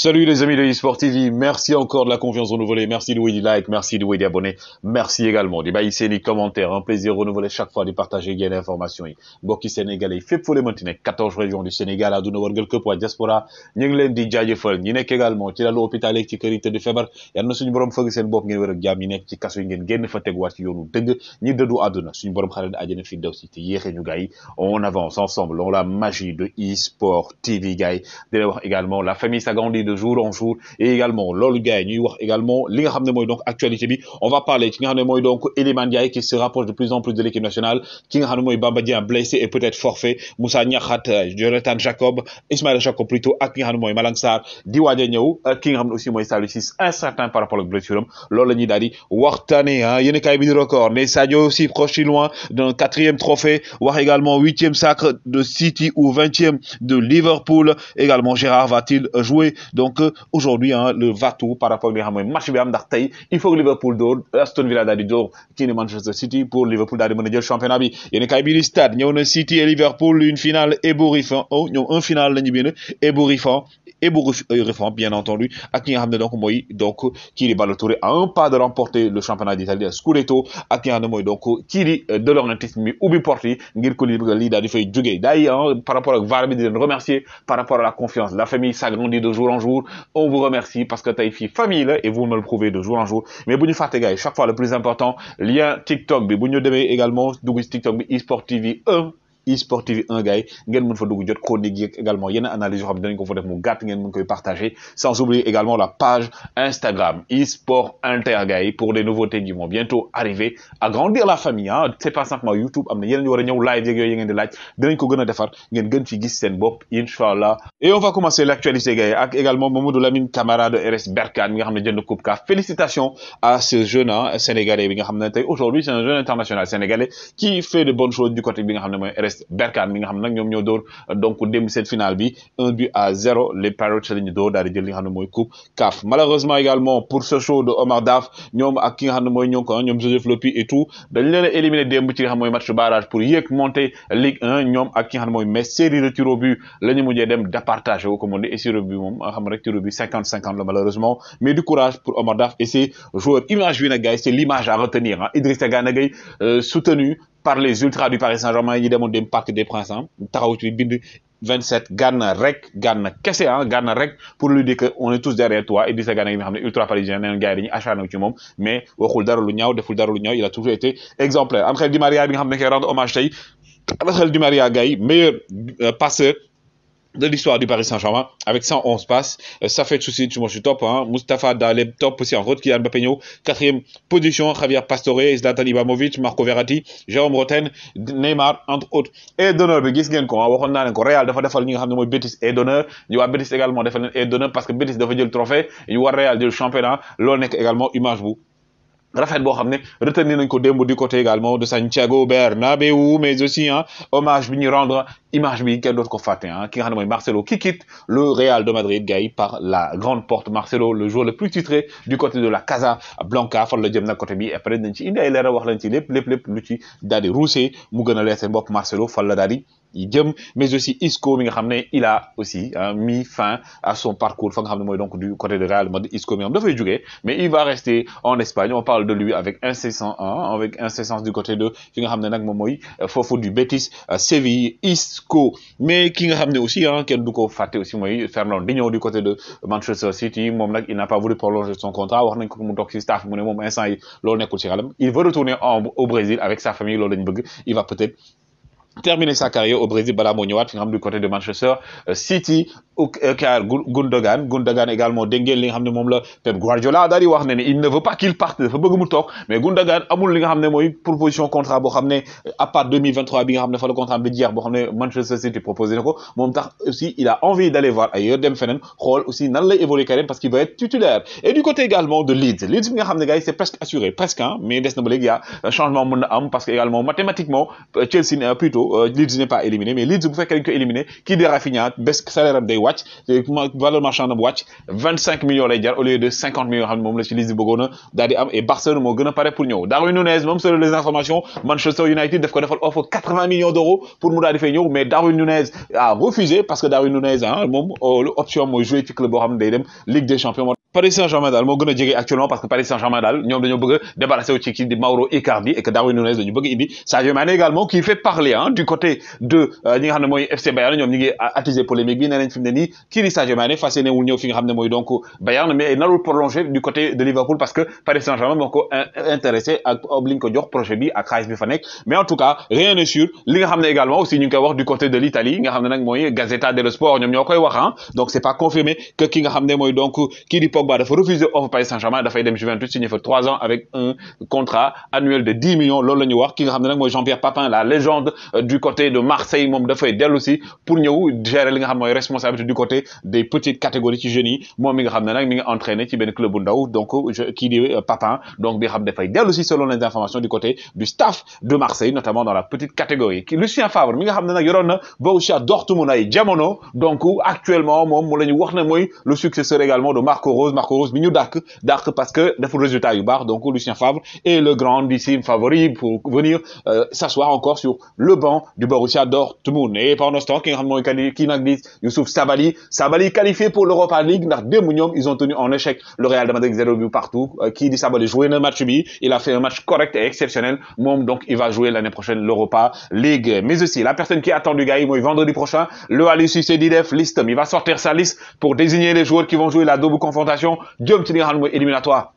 Salut les amis de eSport TV, merci encore de la confiance renouvelée, merci de du like, merci de des abonnés, merci également des baisser les commentaires, un plaisir renouvelé chaque fois de partager bien d'informations. Bokki Sénégalais, fait pour les maintenir, 14 régions du Sénégal, à Douna Wargal Kepoa, Diaspora, Nyenglen di Djadjefel, Nyenek également, ci la l'hôpital et ci Kerite de Febar, Yann Sun Borom Sen Bob Nyen Werk Jam, Nyenek ci Kassou Nyen Gen Fategwar ci Yonou Deg, Nyi Dedou Aduna, Sun Borom Khaled Adjene Fidaw City, Yéhé on avance ensemble, on la magie de eSport TV Gay, également la famille s'agrandit jour en jour et également l'OL gagne également li nga donc actualité on va parler qui nga donc qui se rapproche de plus en plus de l'équipe nationale ki nga xam blessé et peut-être forfait Moussa Niakhat, euh, Jonathan Jacob Ismaël Jacob plutôt ak qui nga xam moi di aussi incertain par rapport à blessure l'OL loolu la il daal ah. a des record mais aussi proche et loin d'un quatrième trophée ou également huitième sacre de City ou vingtième de Liverpool également Gérard va-t-il jouer donc euh, aujourd'hui hein, le Vatou, par rapport à ce match bi il faut que Liverpool d'or Aston Villa daal qui est Manchester City pour Liverpool d'aller di championnat il y a bi yéen kay bi y stade une na City et Liverpool une finale ébouriffante oh a un final la ñu bind euh, bien entendu ak qui nga le donc moi donc qui est à un pas de remporter le championnat d'Italie à Scudetto à qui nga un donc qui est De Laurentiis mi ubbi porte yi ngir ko lii daal di fay jógee hein, par rapport à VAR de remercier par rapport à la confiance la famille s'agrandit de jour en on vous remercie parce que Taïfi famille et vous me le prouvez de jour en jour. Mais bonne ñu gars chaque fois le plus important lien TikTok bi également TikTok eSport TV 1. TV 1 gars yi ngeen mën fa dugg jot chronique également yenn analyse yoo xam dinañ ko fa def mu gatt ngeen mën koy partager sans oublier également la page Instagram e-sport Inter gars pour des nouveautés qui vont bientôt arriver agrandir la famille hein c'est pas simplement YouTube il y a yu live, a ñëw live yeeg yooyu ngeen di laaj dinañ ko gëna défar il ngeen gën ci gis sen bop inshallah et on va commencer l'actualité gars également Mamadou Lamine Camara de RS Berkane mi nga xam jënd Coupe félicitations à ce jeune hein, sénégalais bi nga aujourd'hui c'est un jeune international sénégalais qui fait de bonnes choses du côté bi nga RS Berkan, Berkane avons nga donc cette finale but à 0, les Pirates coupe malheureusement également pour ce show de Omar Daf nous avons ki nga xam Moy, Joseph Lopi et tout éliminé barrage pour monter Ligue 1 Nous avons série de tirs au but comme on dit but malheureusement mais du courage pour Omar Daf et ses joueurs c'est l'image à retenir hein. Idrissa euh, soutenu par les ultras du Paris Saint-Germain ils demandent demoon dem des Princes hein. taxaw ci bind 27 Gana rek Gana kese hein, Gana rek pour lui dire que on est tous derrière toi et Gana yi nga xam ultra parisien neen gars yi dañuy acharné ci mais waxul dara lu deful dara lu il a toujours été exemplaire Ángel Di Maria bi nga xam ne koy rendre hommage Di Maria gars meilleur euh, passeur de l'histoire du Paris Saint-Germain avec 111 passes. ça fait de souci, tu manges du top. Hein. Mustafa Daleb, top aussi en route. Kylian Mbappé quatrième position. Javier Pastore, Zlatan Ibrahimovic, Marco Verratti, Jérôme Roten, Neymar, entre autres. Et d'honneur, Béguis qu'est-ce qu'on a ah, waxon Real dafa defal ñi nga moy Betis et d'honneur y a Betis également defal len et d'honneur parce que Betis dafa le trophée y a Real jël championnat L'ONEC nek également image vous Raphaël Bohamne, retenir nañ ko du côté également de Santiago Bernabeu, mais aussi un hein, hommage bi rendre image bi quel d'autre qui Marcelo qui quitte le Real de Madrid gagné par la grande porte Marcelo le joueur le plus titré du côté de la Casa Blanca, la jëm côté après il ci indi ay wax lañ ci Marcelo la jëm mais aussi Isco mi nga il a aussi euh, mis fin à son parcours fa nga donc du côté de Real Madrid Isco mi nga xam dafay mais il va rester en Espagne on parle de lui avec incessant hein, avec incessance du côté de fi nga xam nag moom euh, Fofu du Betis euh, Séville Isco mais ki nga aussi ah kenn du ko fàtte aussi mooy Digno du côté de Manchester City moom il n'a pas voulu prolonger son contrat wax nañ ko mu toog staff mu instant yi nekkul ci il veut retourner au Brésil avec sa famille bëgg il va peut-être terminer sa carrière au Brésil bala moo du côté de Manchester euh, City car euh, Gundogan Gundogan également dégg li nga Pep Guardiola a il ne veut pas qu'il parte bëgg mu mais Gundogan amul li nga xam proposition contrat boo ne euh, à part 2023 bi nga xam fa contrat bi jeex Manchester City proposé na ko aussi il a envie d'aller voir ailleurs dem feneen aussi nan lay évoluer parce qu'il va être titulaire et du côté également de Leeds Leeds nga c'est presque assuré presque hein, mais il y a un changement mën parce que également mathématiquement Chelsea plutôt euh, Leeds n'est pas éliminé mais Leeds vous fait quelques ko qui kii le salaire de Watch, le valeur marchande am 25 25 millions d'euros au lieu de 50 millions d'euros, et Barcelone moo ne parle pour nous. Darwin Nunez même selon les informations Manchester United ko offre 80 millions d'euros pour nous daal mais Darwin Nunez a refusé parce que Darwin Nunez a ah, euh, l'option option jouer jouer le club de la Ligue des Champions Paris Saint-Germain daal mo gën a actuellement parce que Paris Saint-Germain daal ñom dañu bëgg a débarrasser wu ci Mauro Icardi et que Darwin Nunez dañu bëgg indi Sadio Mané également qui fait parler hein du côté de euh, ñi nga xamné moy FC Bayern ñom ñi ngi attiser polémique bi né nañ fi mu ne nii kii di Sadio Mané fas yéene ñëw fi nga xamné moy donc Bayern mais prolongé du côté de Liverpool parce que Paris Saint-Germain moo intéressé ak obliñ euh, ko jox projet bi ak xaalis bi fa nek mais en tout cas rien n'est sûr li nga xamné également aussi ñu ngi koy wax du côté de l'Italie nga xamné nak moy Gazzetta dello Sport ñom avons wax hein donc c'est pas confirmé que ki nga xamné moy donc qui di Pogba dafa refuser offre Paris Saint-Germain dafay dem Juventus signé fa trois ans avec un contrat annuel de 10 millions lolou lañu wax ki nga xamné nak moy Jean-Pierre Papin la légende euh, du côté de Marseille moom dafay dellu aussi pour nous, gérer li nga xamné moy responsabilité du côté des petites catégories ci jeunes yi moom mi nga xamné nak mi nga entraîné ci ben club ndaw donc qui di euh, Papin donc bi nga xam dafay dellu aussi selon les informations du côté du staff de Marseille notamment dans la petite catégorie Lucien Favre mi nga xamné nak nag na Borussia Dortmund ay jamono donc actuellement mom mu lañu wax né moy le successeur également de Marco Rose Marco Rose mais nous parce que le résultat yu donc Lucien Favre est le grand grandissime favori pour venir euh, s'asseoir encore sur le banc du Borussia Dortmund et pendant ce temps qui est Youssouf Sabali Sabali qualifié pour l'Europa League dans deux ils ont tenu en échec le Real de Madrid 0 but partout qui euh, dit Sabali jouer un match il a fait un match correct et exceptionnel Mom, donc il va jouer l'année prochaine l'Europa League mais aussi la personne qui attend du gars vendredi prochain le Alice Cissé liste va sortir sa liste pour désigner les joueurs qui vont jouer la double confrontation Dieu me ci nga éliminatoire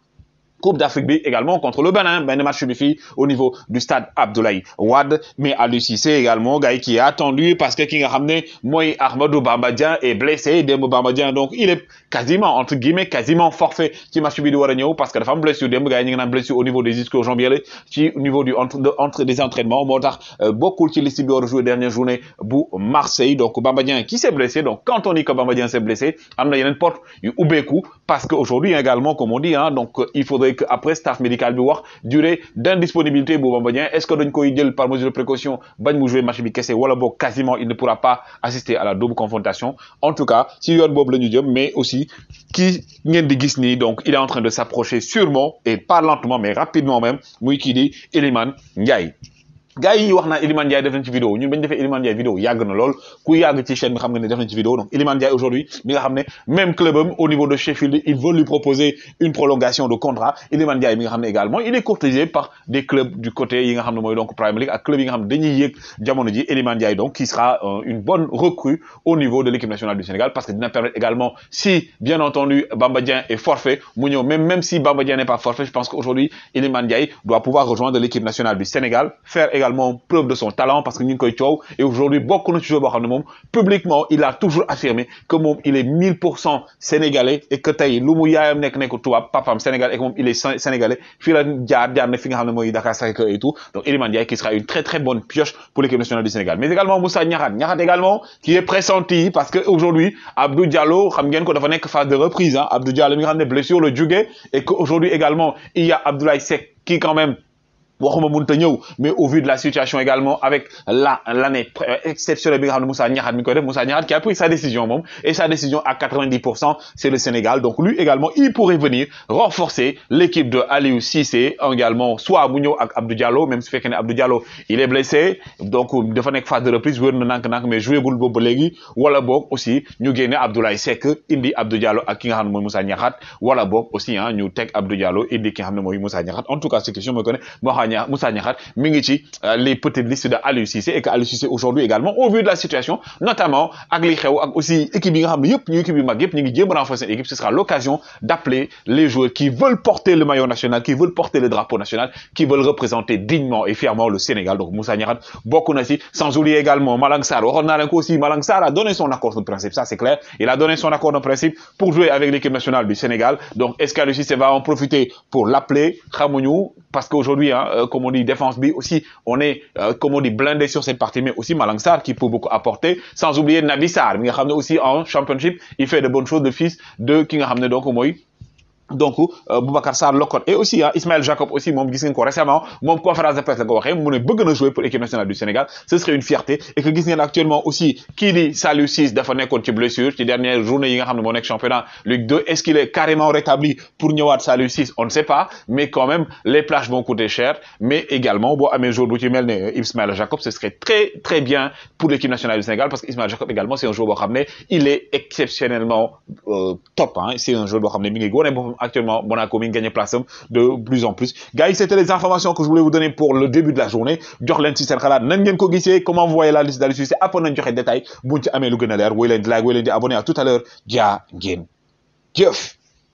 Coupe d'Afrique B également contre le Bénin. un ben, match au niveau du stade Abdoulaye Wad. Mais à C'est également, Gaï qui est attendu parce que qui a ramené moi Ahmadou Bambadien est blessé. Demo Bambadien, donc il est quasiment, entre guillemets, quasiment forfait qui m'a subi de Waragno parce que la femme blessure. au niveau des jambiers, qui au niveau du, entre, des entraînements. beaucoup qui les cibles joué dernière journée, bout Marseille. Donc Bambadien qui s'est blessé. Donc quand on dit que Bambadien s'est blessé, il y a une porte, il y a parce qu'aujourd'hui hein, également, comme on dit, hein, donc euh, il faudrait que après staff médical bi wax durée d'indisponibilité est-ce que dañ koy jël par mesure de précaution bañ mu jouer match bi Kessé wala quasiment il ne pourra pas assister à la double confrontation en tout cas si yone le lañu jëm mais aussi qui ngeen di gis donc il est en train de s'approcher sûrement et pas lentement mais rapidement même muy Iliman Ndiaye gars yi ñuy wax naan Iliman Ndiaye def na ci vidéo ñun bañ defee Iliman Ndiaye vidéo yag na lool ku yag ci chaîne bi xam nga ne def na ci vidéo donc Iliman Ndiaye aujourd'hui mi nga xamné même club am au niveau de Sheffield il veut lui proposer une prolongation de contrat Iliman Ndiaye mi nga xamné également il est courtisé par des clubs du côté yi nga xamné moy donc Premier League ak club yi nga xamné dañuy jamono ji Iliman Ndiaye donc qui sera euh, une bonne recrue au niveau de l'équipe nationale du Sénégal parce que dina permettre également si bien entendu Bamba est forfait mu ñeu même même si Bamba n'est pas forfait je pense qu'aujourd'hui Iliman Ndiaye doit pouvoir rejoindre l'équipe nationale du Sénégal faire également preuve de son talent parce que nous koy et aujourd'hui beaucoup de joueurs joueur publiquement il a toujours affirmé que il est 1000 sénégalais et que tay lu mu que nek nekk pas papam sénégalais et il est sénégalais il la diar diar fi nga Dakar et tout donc m'a dit qui sera une très très bonne pioche pour l'équipe nationale du Sénégal mais également Moussa Niakhaté a également qui est pressenti parce que aujourd'hui Abdou Diallo xam ngeen ko dafa phase de reprise hein. Abdou Diallo mi nga le jóge et qu'aujourd'hui également il y a Abdoulaye Seck qui quand même mais au vu de la situation également avec la l'année euh, exceptionnelle bi Moussa Niarad Moussa qui a pris sa décision et sa décision à 90% c'est le Sénégal donc lui également il pourrait venir renforcer l'équipe de Aliou Cissé également soit Abou ñëw ak Abdou Diallo même si fait Abdou Diallo il est blessé donc dafa nekk phase de reprise mais jouer gul boobu ba wala aussi ñu gagnons Abdoulaye Seck indi Abdou Diallo à ki Moussa Niakhaté wala bon aussi nous ah, ñu Abdou Diallo indi ki nga Moussa Niakhaté en tout cas cette question me connais Moussa Niakhar euh, les petites listes de Aliou Cissé et que Cissé aujourd'hui également au vu de la situation notamment ak aussi équipe yi nga équipe ce sera l'occasion d'appeler les joueurs qui veulent porter le maillot national qui veulent porter le drapeau national qui veulent représenter dignement et fièrement le Sénégal donc Moussa Niakhar bokk na sans oublier également Malang Sarr waxoon aussi Malang Sarr a donné son accord de principe ça c'est clair il a donné son accord de principe pour jouer avec l'équipe nationale du Sénégal donc est-ce qu'Aliou Cissé va en profiter pour l'appeler xamuñu parce qu'aujourd'hui, hein, euh, comme on dit, défense B aussi, on est, euh, comme on dit, blindé sur cette partie, mais aussi Malang Sarr qui peut beaucoup apporter, sans oublier Nabi Sarr, mais aussi en championship, il fait de bonnes choses de fils de King Hamne, donc au donc euh, Boubacar Sarr est et aussi hein, Ismaël Jacob aussi moom gis ngeen ko récemment moom conférence de presse la ko waxee ne jouer pour l'équipe nationale du Sénégal ce serait une fierté et que gis ngeen actuellement aussi Kili di Saliou dafa nekkoon ci blessure ci dernière journée yi nga xam mo nek championnat Ligue 2 est-ce qu'il est carrément rétabli pour ñëwaat Saliou 6 on ne sait pas mais quand même les plages vont coûter cher mais également un amé jour bu ci euh, Ismaël Jacob ce serait très très bien pour l'équipe nationale du Sénégal parce qu'Ismaël Jacob également c'est un joueur de xam il est exceptionnellement euh, top hein c'est un joueur de xam mi ngi actuellement Monaco mi gagne place de plus en plus Guys, c'était les informations que je voulais vous donner pour le début de la journée Dur leen ci seen xalaat comment vous voyez la liste d'aller c'est après nañ joxe détail buñ ci amé lu gën di like woy di abonner. à tout à l'heure Dia ngène. Dieu.